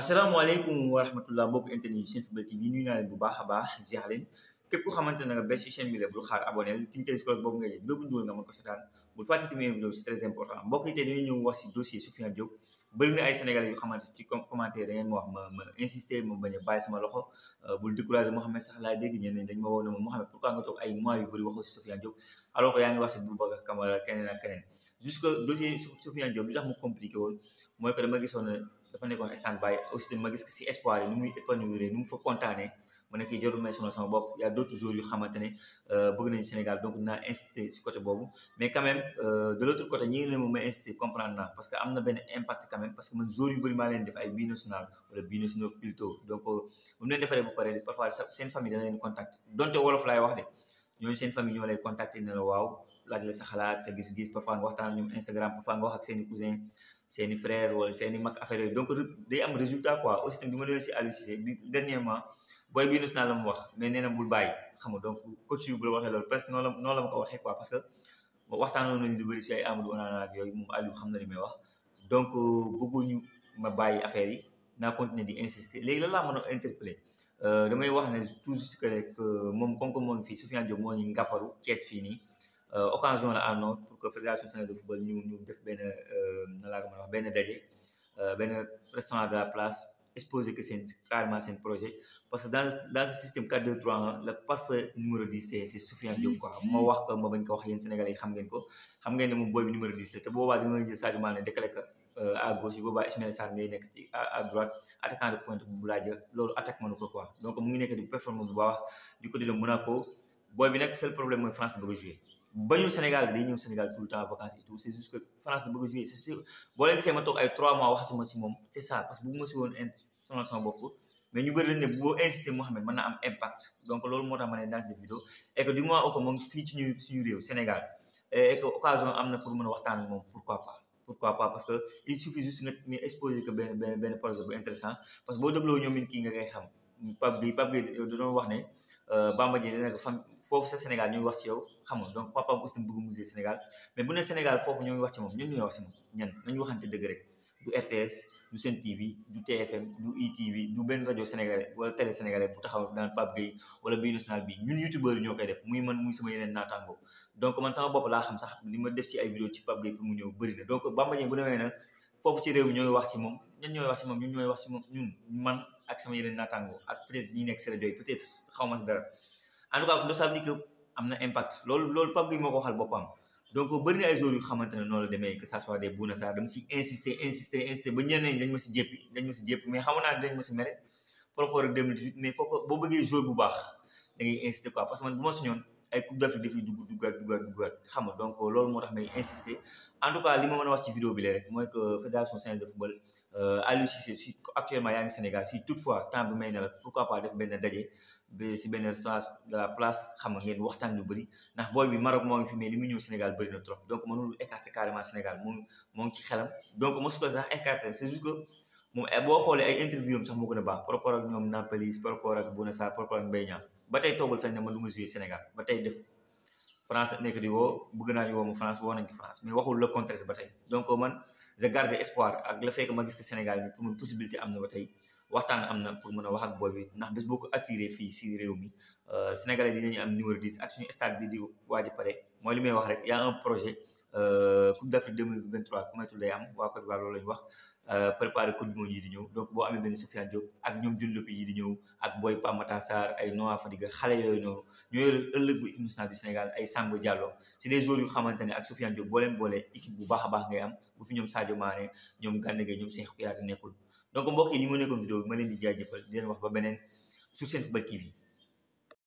asalaamaaleykum wa rahmatullah mbokk internet yi Senfootball TV nuyu naa leen bu baax a baax ziar leen képp koo xamante ne nga bés ci chaîne bi la bul xaar aboneel cliquer ci cloche boobu ngay def boobu ndóol nga mën ko seetaan bul fàtte tamit vidéo c'est très important mbokk yi tey ñëw wax ci dossier Sofiane Diop bëri na ay sénégalais yu xamante ci commentaire da ngeen ma wax ma ma insister ma bañ a bàyyi sama loxo euh, bul décourager Mouhamed sax laa dégg ñeneen dañ ma woo ne ma Mouhamed pourquoi nga toog ay mois yu bëri waxoo ci Sofiane Diop alors que yaa ngi wax si Boubacar Kamara keneen ak keneen jusque dossier Sofiane Diop li tax mu compliqué woon mooy que dama gisoon ne dafa nekkoon stand by aussi tamit ma gis si espoir yi ni muy épanouir ni mu fa kontaanee mu nekk jarul yu xamante ne euh, bëgg nañu Sénégal donc na incité si côté boobu mais quand même euh, de autre côté ñi ngi ne moom may incité comprendre naa parce que am na benn impact quand même parce que man jours yu bëri maa leen def ay binational wala binational plutôt euh, laay wax de. ñooñu seen famille ñoo lay contacter ne la waaw laaj la sa xalaat sa gis-gis parfois nga waxtaan ñoom Instagram parfois nga wax ak seeni cousin seeni frère wala seen mag affaire yooyu donc day am résultat quoi aussi tamit bi ma demee si Aliou bi dernièrement booy bii nus naa la mu wax mais nee na bul bàyyi xam nga donc coach yu bu la waxee loolu presque noonu la noonu la ma ko waxee quoi parce que waxtaanoon nañu lu bëri si ay Amadou Onana ak yooyu moom Aliou xam na li may wax donc bëggul ñu ma bàyyi affaire yi naa continuer di insister léegi la laa mën a interpeller damay wax ne tout juste que moom comme que moom fii Soufiane Diop moo ñu ngàpparu fii nii occasion la àndoon pour que fédération sénégalaise de football ñu ñu def benn na laa ko mën benn daje euh, benn restaurant de la place exposé que seen carrément seen projet parce que dans dans ce système 4 2 3 1 le parfait numéro 10 c'est c'est Soufiane Diop quoi moo wax ko ma bañ ko wax yéen sénégalais yi xam ngeen ko xam ngeen ne moom booy bi numéro 10 la te boobaa di jël Sadio à uh, gauche bu baax ismaël sall ngay nekk ci à droite attaquant de pointe bu laaja loolu attaque manu ko quoi donc mu ngi nekk di performer bu baax du côté de monaco boy bi nag seul problème mooy france bëgg a jouer ba ñu sénégal day ñëw sénégal tout le temps vacances et tout c' juste que france bëgg a jouer c' est sûr boo leen gisee ma toog ay trois mois waxatu ma si moom c' est ça parce que bu ma si woon sonal sama mais ñu bëri la ne bu insisté Mohamed mën na impact donc loolu moo tax ma ne dans cette vidéo et que du moins au moins fii ci ñu ci ñu réew Sénégal et que occasion am pour mën a pourquoi pas. pourquoi pas parce que il suffit juste nga ñu exposer que benn benn benn projet bu intéressant parce que boo dégloo ñoom it nga ngay xam Pape Gueye Pape Gueye doon wax ne euh, Bamba Dieng dana ko fan foofu sa Sénégal ñuy wax ci yow xam nga donc papa aussi bëgg musée Sénégal mais bu ne Sénégal foofu ñoo ngi wax ci moom ñun ñooy wax ci moom ñan nañu waxante dëgg rek du RTS du Sen TV du TFM du ITV du benn rajo sénégalais wala télé sénégalais bu taxaw daan Pape Gueye wala bi national bi ñun youtubeurs yi ñoo koy def muy man muy sama yeneen naataango donc man sama bopp laa xam sax li ma def ci ay vidéo ci Pape Gueye pour mu ñëw bëri na donc Bamba Dieng bu demee na foofu ci réew ñooy wax ci moom wax ci moom ñun ñooy wax ci moom ñun man ak sama yeneen naataango ak peut être nekk si rajo yi peut être xaw ma si dara en tout cas do ça veut am na impact loolu loolu Pape Gueye moo ko waxal donc bëri na ay joueurs yu xamante ne noonu la demee que ça soit des Bouna Sarr dama si insister insister insister ba ñeneen dañ ma si jéppi dañ ma si jéppi mais xamoon naa ma si mere par rapport ak 2018 mais foofu boo bëggee joueur bu baax da ngay insister quoi parce que man bu ma suñoon ay coupe d'Afrique dafay duggaat duggaat duggaat xam nga donc loolu moo tax may insister en tout cas li ma mën a wax ci vidéo bi la rek mooy que fédération sénégal de football euh, Aliou Cissé si actuellement yaa ngi Sénégal si toutefois temps bi may na la pourquoi pas def benn daje ba si benn sens de la place xam nga ngeen waxtaan lu bëri ndax boy bi Maroc moo ngi fi mais li mu ñëw Sénégal bëri na trop donc mënul écarter carrément Sénégal moom moo ngi ci xelam donc mosu ko sax écarter c'est juste que moom eh, boo xoolee ay interview am sax moo gën a baax par rapport ak ñoom Nampalys par rapport ak Bouna par rapport ak Mbaye ba tey toogul fenn ne man du ma jouer Sénégal ba tey def france nekk di woo bëgg naa ñu woo mu france woo nañ ko france mais waxul le contraire ba tey donc man je garde espoir ak la fekk ma gis que sénégal ni pour mun possibilité am na ba tey waxtaan am na pour mën a wax ak boobi ndax bés boo ko attiré fii si réew mi sénégalais dinañu am numéro 10 ak suñu stade bi di waaj pare mooy li wax rek y a un projet Euh, Coupe d'Afrique 2023 ku moytul day am waa Côte d'Ivoire loolu la ñu wax euh, préparé Coupe du monde yi di ñëw donc boo amee benn Sofiane Diop ak ñoom Diop yi di ñëw ak Boy Pape Matar Sarr ay Noah Fadiga xale yooyu noonu ñoo ëllëg bu équipe nationale du Sénégal ay Sango Diallo c'est des joueurs yu xamante ne ak Sofiane Diop boo leen boolee bu baax a baax ngay am bu ñoom Sadio Mané ñoom Gana Gueye ñoom Cheikhou Kouyaté nekkul donc mbokk yi ni mu nekkoon vidéo bi ma leen di jaajëfal di leen wax ba beneen sur Senfootball TV